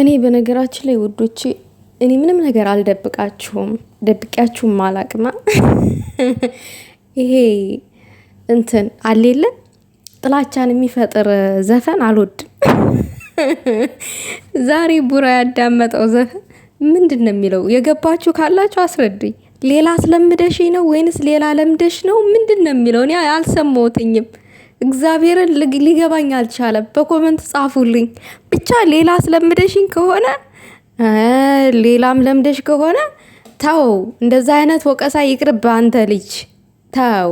እኔ በነገራችን ላይ ውዶች እኔ ምንም ነገር አልደብቃችሁም፣ ደብቂያችሁም አላቅማ። ይሄ እንትን አሌለ ጥላቻን የሚፈጥር ዘፈን አልወድም። ዛሬ ቡራ ያዳመጠው ዘፈን ምንድን ነው የሚለው? የገባችሁ ካላችሁ አስረዱኝ። ሌላ አስለምደሽ ነው ወይንስ ሌላ ለምደሽ ነው? ምንድን ነው የሚለው? እኔ አልሰማሁትኝም። እግዚአብሔርን ሊገባኝ አልቻለም። በኮመንት ጻፉልኝ ብቻ። ሌላ አስለምደሽኝ ከሆነ ሌላም ለምደሽ ከሆነ ተው፣ እንደዛ አይነት ወቀሳ ይቅርብ። አንተ ልጅ ተው፣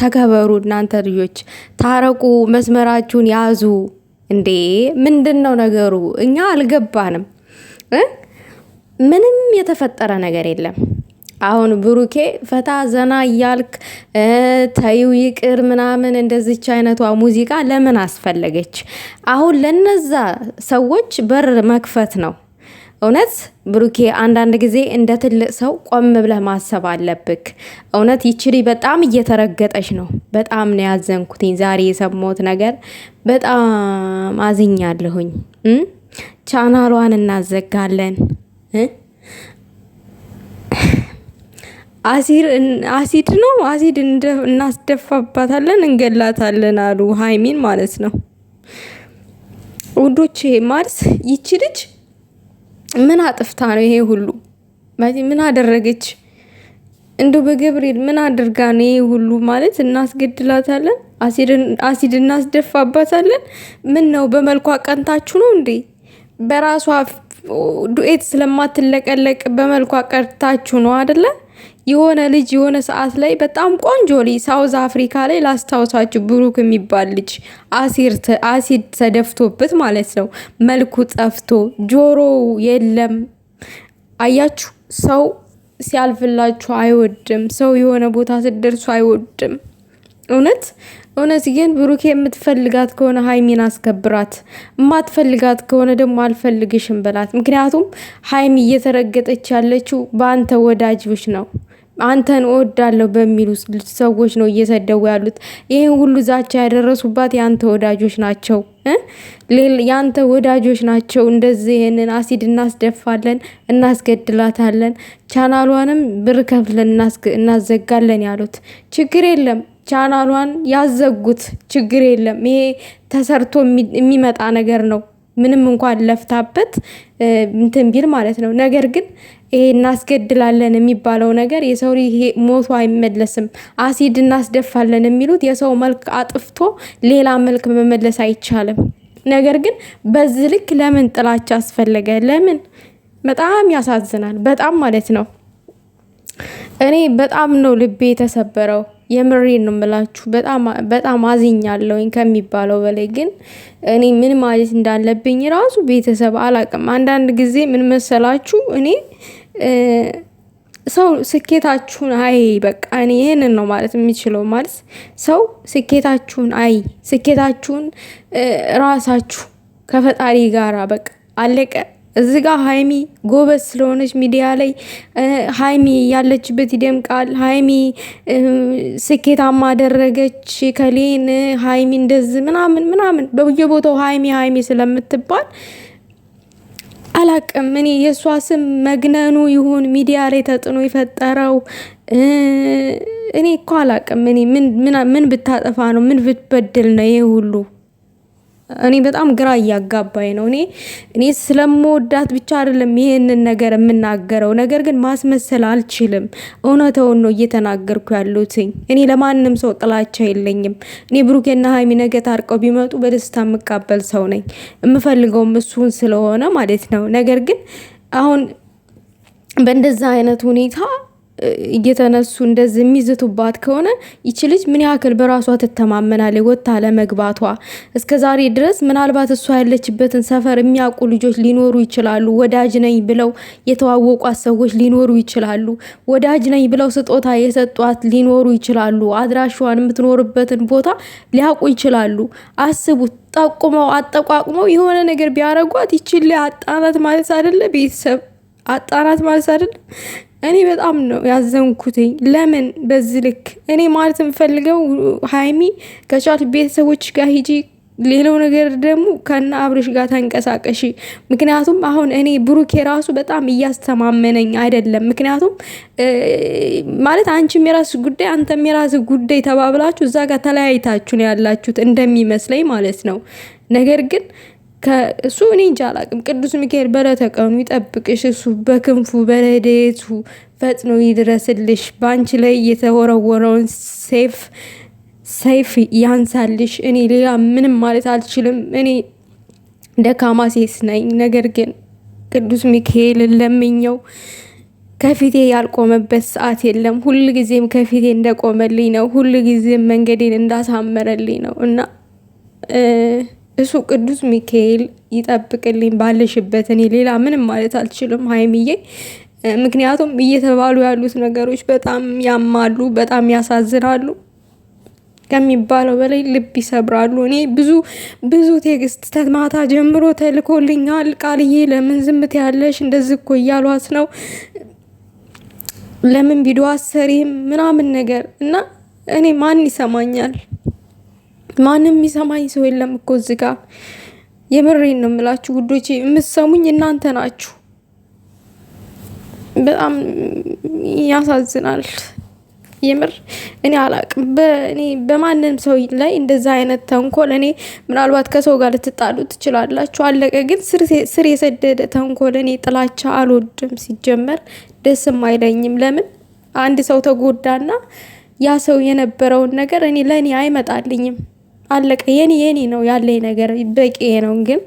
ተከበሩ። እናንተ ልጆች ታረቁ፣ መስመራችሁን ያዙ። እንዴ ምንድን ነው ነገሩ? እኛ አልገባንም። ምንም የተፈጠረ ነገር የለም። አሁን ብሩኬ ፈታ ዘና እያልክ ተይው ይቅር ምናምን እንደዚች አይነቷ ሙዚቃ ለምን አስፈለገች? አሁን ለነዛ ሰዎች በር መክፈት ነው። እውነት ብሩኬ አንዳንድ ጊዜ እንደ ትልቅ ሰው ቆም ብለህ ማሰብ አለብክ። እውነት ይችሪ በጣም እየተረገጠች ነው። በጣም ነው ያዘንኩትኝ ዛሬ የሰማሁት ነገር በጣም አዝኛለሁኝ። ቻናሏን እናዘጋለን። አሲድ ነው አሲድ እናስደፋባታለን፣ እንገላታለን አሉ ሀይሚን ማለት ነው። ውዶች ማርስ ይቺ ልጅ ምን አጥፍታ ነው ይሄ ሁሉ? ምን አደረገች? እንደው በገብርኤል ምን አድርጋ ነው ይሄ ሁሉ ማለት? እናስገድላታለን፣ አሲድ እናስደፋባታለን። ምን ነው በመልኳ ቀንታችሁ ነው እንዴ? በራሷ ዱኤት ስለማትለቀለቅ በመልኳ ቀርታችሁ ነው አደለን? የሆነ ልጅ የሆነ ሰዓት ላይ በጣም ቆንጆ ልጅ ሳውዝ አፍሪካ ላይ ላስታውሳችሁ፣ ብሩክ የሚባል ልጅ አሲድ ተደፍቶበት ማለት ነው። መልኩ ጠፍቶ ጆሮው የለም። አያችሁ፣ ሰው ሲያልፍላችሁ አይወድም። ሰው የሆነ ቦታ ስደርሱ አይወድም። እውነት እውነት ግን ብሩኬ የምትፈልጋት ከሆነ ሀይሚን አስከብራት፣ የማትፈልጋት ከሆነ ደግሞ አልፈልግሽም በላት። ምክንያቱም ሀይሚ እየተረገጠች ያለችው በአንተ ወዳጆች ነው። አንተን እወዳለሁ በሚሉ ሰዎች ነው እየሰደቡ ያሉት። ይህን ሁሉ ዛቻ ያደረሱባት የአንተ ወዳጆች ናቸው፣ የአንተ ወዳጆች ናቸው። እንደዚህ ይህንን አሲድ እናስደፋለን፣ እናስገድላታለን፣ ቻናሏንም ብር ከፍለን እናዘጋለን ያሉት ችግር የለም ቻናሏን ያዘጉት ችግር የለም። ይሄ ተሰርቶ የሚመጣ ነገር ነው። ምንም እንኳን ለፍታበት እንትን ቢል ማለት ነው። ነገር ግን ይሄ እናስገድላለን የሚባለው ነገር የሰው ይሄ ሞቱ አይመለስም፣ አሲድ እናስደፋለን የሚሉት የሰው መልክ አጥፍቶ ሌላ መልክ መመለስ አይቻልም። ነገር ግን በዚህ ልክ ለምን ጥላቻ አስፈለገ? ለምን? በጣም ያሳዝናል። በጣም ማለት ነው። እኔ በጣም ነው ልቤ የተሰበረው። የምሬን ነው የምላችሁ። በጣም አዝኛለሁኝ ከሚባለው በላይ ግን እኔ ምን ማለት እንዳለብኝ ራሱ ቤተሰብ አላቅም። አንዳንድ ጊዜ ምን መሰላችሁ እኔ ሰው ስኬታችሁን አይ በቃ እኔ ይህንን ነው ማለት የሚችለው። ማለት ሰው ስኬታችሁን አይ ስኬታችሁን ራሳችሁ ከፈጣሪ ጋራ በቃ አለቀ እዚ ጋር ሀይሚ ጎበዝ ስለሆነች ሚዲያ ላይ ሀይሚ ያለችበት ይደምቃል። ሀይሚ ስኬታማ አደረገች ከሌን ሀይሚ እንደዚህ ምናምን ምናምን በየቦታው ሀይሚ ሀይሚ ስለምትባል አላቅም እኔ የእሷ ስም መግነኑ ይሁን ሚዲያ ላይ ተጥኖ የፈጠረው እኔ እኮ አላቅም። እኔ ምን ብታጠፋ ነው ምን ብትበድል ነው ይሄ ሁሉ እኔ በጣም ግራ እያጋባኝ ነው። እኔ እኔ ስለምወዳት ብቻ አይደለም ይህንን ነገር የምናገረው፣ ነገር ግን ማስመሰል አልችልም። እውነተውን ነው እየተናገርኩ ያሉትኝ። እኔ ለማንም ሰው ጥላቻ የለኝም። እኔ ብሩኬና ሀይሚ ነገ ታርቀው ቢመጡ በደስታ የምቃበል ሰው ነኝ። የምፈልገውም እሱን ስለሆነ ማለት ነው። ነገር ግን አሁን በእንደዛ አይነት ሁኔታ እየተነሱ እንደዚህ የሚዝቱባት ከሆነ ይቺ ልጅ ምን ያክል በራሷ ትተማመናለች? ወጥታ ለመግባቷ እስከ ዛሬ ድረስ ምናልባት እሷ ያለችበትን ሰፈር የሚያውቁ ልጆች ሊኖሩ ይችላሉ። ወዳጅ ነኝ ብለው የተዋወቋት ሰዎች ሊኖሩ ይችላሉ። ወዳጅ ነኝ ብለው ስጦታ የሰጧት ሊኖሩ ይችላሉ። አድራሿን፣ የምትኖርበትን ቦታ ሊያውቁ ይችላሉ። አስቡት። ጠቁመው አጠቋቁመው የሆነ ነገር ቢያረጓት ይችል አጣናት ማለት አይደለ? ቤተሰብ አጣናት ማለት አይደለም። እኔ በጣም ነው ያዘንኩትኝ። ለምን በዚህ ልክ እኔ ማለት የምፈልገው ሀይሚ ከቻል ቤተሰቦች ጋር ሂጂ፣ ሌላው ነገር ደግሞ ከነ አብርሽ ጋር ተንቀሳቀሺ። ምክንያቱም አሁን እኔ ብሩኬ ራሱ በጣም እያስተማመነኝ አይደለም። ምክንያቱም ማለት አንቺም የራስ ጉዳይ አንተም የራስ ጉዳይ ተባብላችሁ እዛ ጋር ተለያይታችሁ ነው ያላችሁት እንደሚመስለኝ ማለት ነው ነገር ግን ከእሱ እኔ እንጃ አላቅም። ቅዱስ ሚካኤል በለተቀኑ ይጠብቅሽ። እሱ በክንፉ በረዴቱ ፈጥኖ ይድረስልሽ። በአንቺ ላይ የተወረወረውን ሰይፍ ሰይፍ ያንሳልሽ። እኔ ሌላ ምንም ማለት አልችልም። እኔ ደካማ ሴት ነኝ። ነገር ግን ቅዱስ ሚካኤል ለምኘው ከፊቴ ያልቆመበት ሰዓት የለም። ሁል ጊዜም ከፊቴ እንደቆመልኝ ነው። ሁል ጊዜም መንገዴን እንዳሳመረልኝ ነው እና እሱ ቅዱስ ሚካኤል ይጠብቅልኝ። ባለሽበት እኔ ሌላ ምንም ማለት አልችልም ሀይሚዬ። ምክንያቱም እየተባሉ ያሉት ነገሮች በጣም ያማሉ፣ በጣም ያሳዝናሉ ከሚባለው በላይ ልብ ይሰብራሉ። እኔ ብዙ ብዙ ቴክስት ተማታ ጀምሮ ተልኮልኛል። ቃልዬ ለምን ዝምት ያለሽ? እንደዚህ እኮ እያሏት ነው። ለምን ቪዲዮ አሰሪም ምናምን ነገር እና እኔ ማን ይሰማኛል? ማንም የሚሰማኝ ሰው የለም እኮ እዚህ ጋ የምሬን ነው የምላችሁ ውዶች የምትሰሙኝ እናንተ ናችሁ። በጣም ያሳዝናል። የምር እኔ አላቅም። በእኔ በማንም ሰው ላይ እንደዛ አይነት ተንኮል እኔ ምናልባት ከሰው ጋር ልትጣሉ ትችላላችሁ፣ አለቀ። ግን ስር የሰደደ ተንኮል እኔ ጥላቻ አልወድም፣ ሲጀመር ደስም አይለኝም። ለምን አንድ ሰው ተጎዳና ያ ሰው የነበረውን ነገር እኔ ለእኔ አይመጣልኝም። አለቀ። የኔ የኔ ነው ያለኝ ነገር በቂ ነው ግን